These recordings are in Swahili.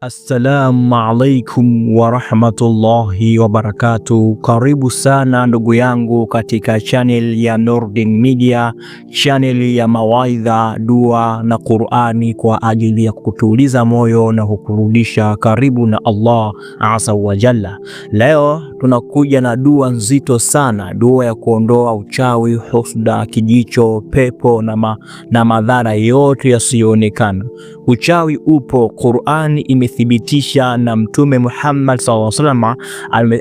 Assalamu alaikum warahmatullahi wabarakatu Karibu sana ndugu yangu katika channel ya Nurdin Media, channel ya mawaidha, dua na Qurani kwa ajili ya kukutuliza moyo na kukurudisha karibu na Allah asa wa jalla. Leo tunakuja na dua nzito sana, dua ya kuondoa uchawi, husda, kijicho, pepo na, ma, na madhara yote yasiyoonekana. Uchawi upo, Qurani ime amethibitisha na Mtume Muhammad SAW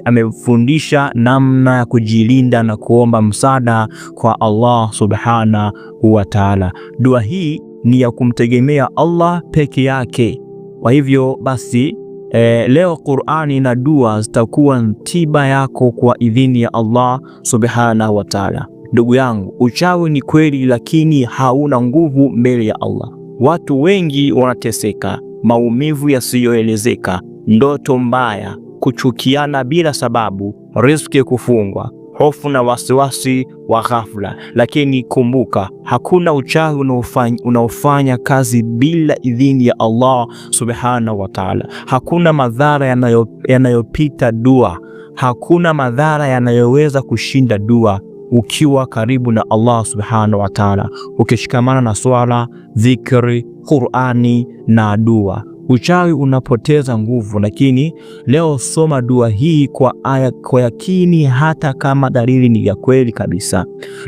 amefundisha namna ya kujilinda na kuomba msaada kwa Allah subhanahu wa ta'ala. Dua hii ni ya kumtegemea Allah peke yake. Kwa hivyo basi E, leo Qur'ani na dua zitakuwa tiba yako kwa idhini ya Allah subhanahu wa ta'ala. Ndugu yangu, uchawi ni kweli, lakini hauna nguvu mbele ya Allah. Watu wengi wanateseka, maumivu yasiyoelezeka, ndoto mbaya, kuchukiana bila sababu, riziki kufungwa, hofu na wasiwasi wa ghafla. Lakini kumbuka, hakuna uchawi unaofanya, unaofanya kazi bila idhini ya Allah subhanahu wa ta'ala. Hakuna madhara yanayopita yanayo dua. Hakuna madhara yanayoweza kushinda dua ukiwa karibu na Allah subhanahu wa taala, ukishikamana na swala, dhikri, Qurani na dua. Uchawi unapoteza nguvu, lakini leo soma dua hii kwa, aya, kwa yakini hata kama dalili ni ya kweli kabisa.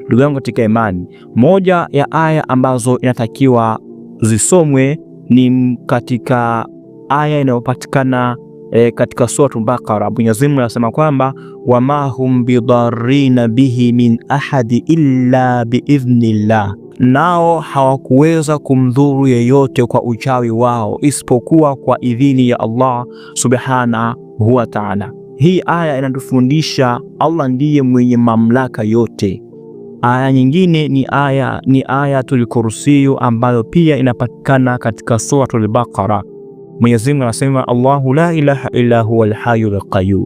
Ndugu yangu katika imani, moja ya aya ambazo inatakiwa zisomwe ni katika aya inayopatikana e, katika Suratul Baqara Mwenyezi Mungu anasema kwamba wama hum bidarrina bihi min ahadi illa biidhnillah, nao hawakuweza kumdhuru yeyote kwa uchawi wao isipokuwa kwa idhini ya Allah subhanahu wa ta'ala. Hii aya inatufundisha Allah ndiye mwenye mamlaka yote. Aya nyingine ni aya ni Ayatul Kursiyu ambayo pia inapatikana katika Suratul Baqara. Mwenyezi Mungu anasema Allahu la ilaha illa huwa alhayyul qayyum.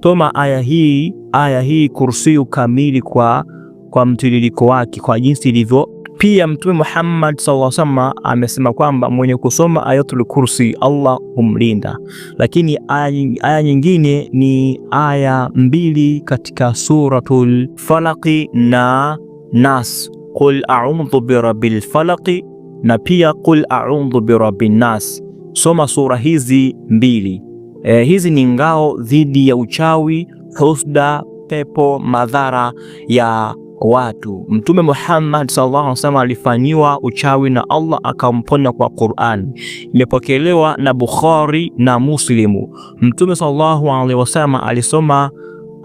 Toma aya hii, aya hii kursiyu kamili kwa, kwa mtiririko wake kwa jinsi ilivyo. Pia Mtume Muhammad sallallahu alaihi wasallam amesema kwamba mwenye kusoma ayatul kursi Allah humlinda. Lakini aya, aya nyingine ni aya mbili katika suratul Falaqi na Nas, qul a'udhu birabbil falaqi na pia qul a'udhu birabbin nas Soma sura hizi mbili. E, hizi ni ngao dhidi ya uchawi, husda, pepo, madhara ya watu. Mtume Muhammad sallallahu alaihi wasallam alifanyiwa uchawi na Allah akamponya kwa Qur'an. Imepokelewa na Bukhari na Muslimu. Mtume sallallahu alaihi wasallam alisoma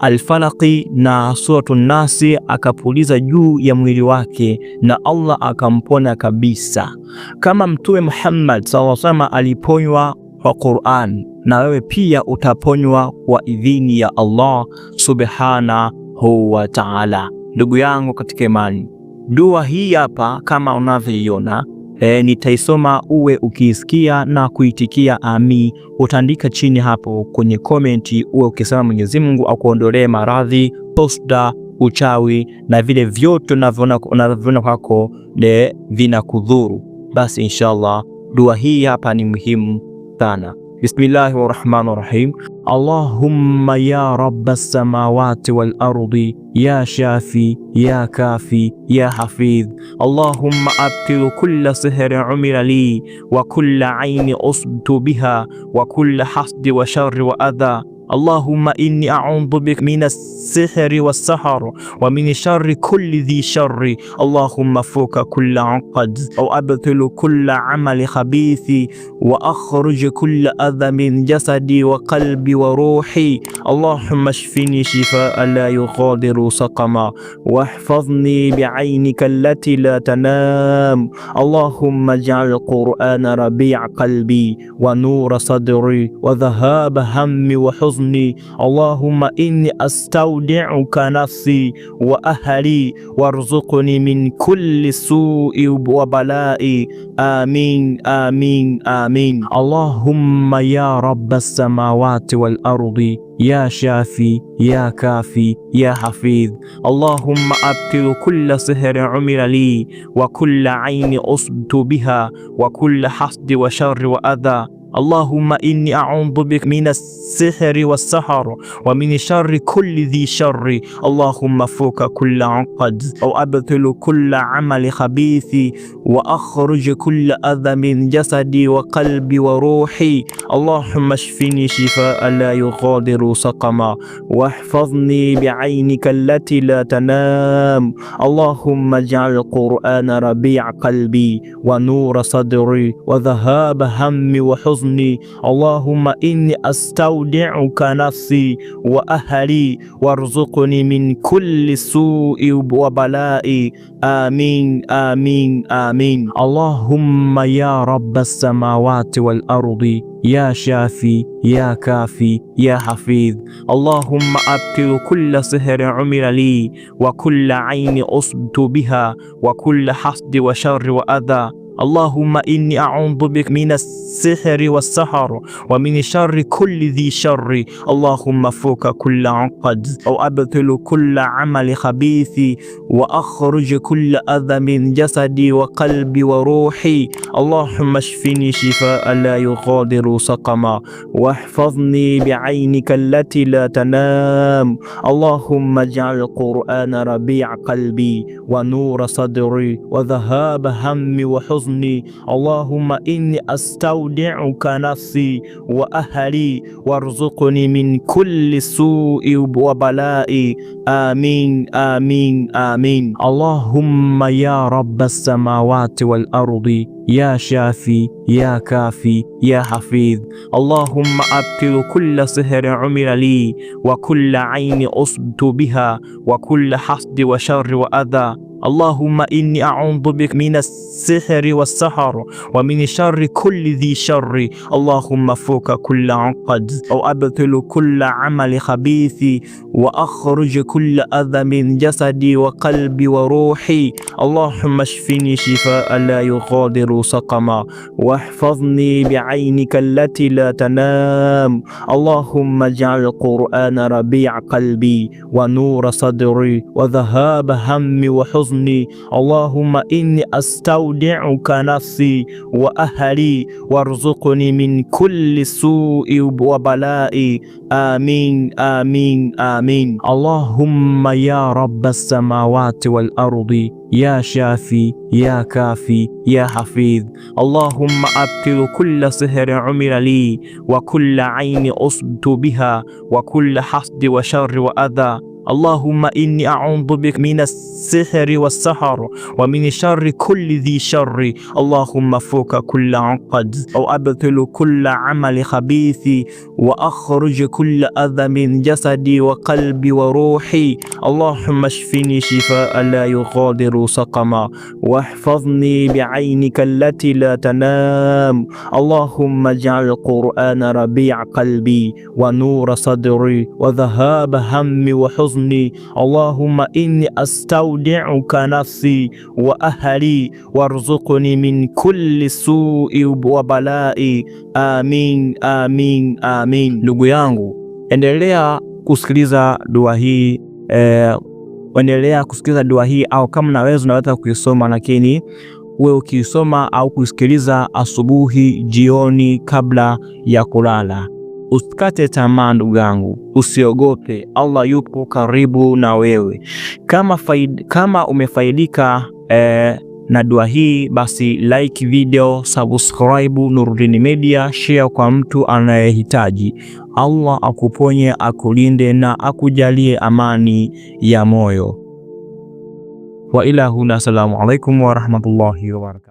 Alfalaki na suratu Nasi akapuliza juu ya mwili wake na Allah akampona kabisa, kama Mtume Muhammad saw alaihi aliponywa kwa Qur'an, na wewe pia utaponywa kwa idhini ya Allah subhanahu wa ta'ala. Ndugu yangu katika imani, dua hii hapa kama unavyoiona e, nitaisoma uwe ukiisikia na kuitikia ami. Utaandika chini hapo kwenye komenti uwe ukisema Mwenyezi Mungu akuondolee maradhi, posta uchawi na vile vyote unavyoona kwako e, vina kudhuru Basi inshallah dua hii hapa ni muhimu sana. Bismillahir Rahmanir Rahim. اللهم يا رب السماوات والأرض يا شافي يا كافي يا حفيظ اللهم أبطل كل سهر عمل لي وكل عين أصبت بها وكل حسد وشر وأذى اللهم إني أعوذ بك من السحر والسحر ومن شر كل ذي شر اللهم فوق كل عقد أو أبطل كل عمل خبيث وأخرج كل أذى من جسدي وقلبي وروحي اللهم اشفني شفاء لا يغادر سقما واحفظني بعينك التي لا تنام اللهم اجعل القرآن ربيع قلبي ونور صدري وذهاب همي وحزني حفظني اللهم إني أستودعك نفسي وأهلي وارزقني من كل سوء وبلاء آمين آمين آمين اللهم يا رب السماوات والأرض يا شافي يا كافي يا حفيظ اللهم أبطل كل سحر عمل لي وكل عين أصبت بها وكل حسد وشر وأذى اللهم إني أعوذ بك من السحر والسحر ومن شر كل ذي شر اللهم فوق كل عقد أو أبطل كل عمل خبيث وأخرج كل أذى من جسدي وقلبي وروحي اللهم اشفني شفاء لا يغادر سقما واحفظني بعينك التي لا تنام اللهم اجعل القرآن ربيع قلبي ونور صدري وذهاب همي وحزني اللهم إني أستودعك نفسي وأهلي وارزقني من كل سوء وبلاء آمين آمين آمين آمين اللهم يا رب السماوات والأرض يا شافي يا كافي يا حفيظ اللهم أبطل كل سهر عمل لي وكل عين أصبت بها وكل حسد وشر وأذى اللهم إني أعوذ بك من السحر والسحر ومن شر كل ذي شر اللهم فوق كل عقد أو أبطل كل عمل خبيث وأخرج كل أذى من جسدي وقلبي وروحي اللهم اشفني شفاء لا يغادر سقما واحفظني بعينك التي لا تنام اللهم اجعل القرآن ربيع قلبي ونور صدري وذهاب همي وحزني حزني اللهم إني أستودعك نفسي وأهلي وارزقني من كل سوء وبلاء آمين آمين آمين اللهم يا رب السماوات والأرض يا شافي يا كافي يا حفيظ اللهم أبطل كل سحر عمل لي وكل عين أصبت بها وكل حسد وشر وأذى اللهم إني أعوذ بك من السحر والسحر ومن شر كل ذي شر اللهم فوق كل عقد أو أبطل كل عمل خبيث وأخرج كل أذى من جسدي وقلبي وروحي اللهم اشفني شفاء لا يغادر سقما واحفظني بعينك التي لا تنام اللهم اجعل القرآن ربيع قلبي ونور صدري وذهاب همي وحزني حزني اللهم إني أستودعك نفسي وأهلي وارزقني من كل سوء وبلاء آمين آمين آمين اللهم يا رب السماوات والأرض يا شافي يا كافي يا حفيظ اللهم أبطل كل سحر عمل لي وكل عين أصبت بها وكل حسد وشر وأذى اللهم إني أعوذ بك من السحر والسحر ومن شر كل ذي شر اللهم فوق كل عقد أبطل كل عمل خبيث وأخرج كل أذى من جسدي وقلبي وروحي اللهم اشفني شفاء لا يغادر سقما واحفظني بعينك التي لا تنام اللهم اجعل القرآن ربيع قلبي ونور صدري وذهاب همي وحزني husni allahumma inni astaudiuka nafsi wa ahli warzuqni min kulli sui wa balai amin amin amin. Ndugu yangu, endelea kusikiliza dua hii eh, endelea kusikiliza dua hii au kama naweza unaweza kuisoma, lakini uwe ukiisoma au kusikiliza asubuhi, jioni, kabla ya kulala. Usikate tamaa ndugu yangu, usiogope. Allah yupo karibu na wewe. Kama, faid, kama umefaidika eh, na dua hii basi like video, subscribe Nurdin Media, share kwa mtu anayehitaji. Allah akuponye, akulinde na akujalie amani ya moyo. Wa ilahuna, assalamu alaikum warahmatullahi wabarakatuh.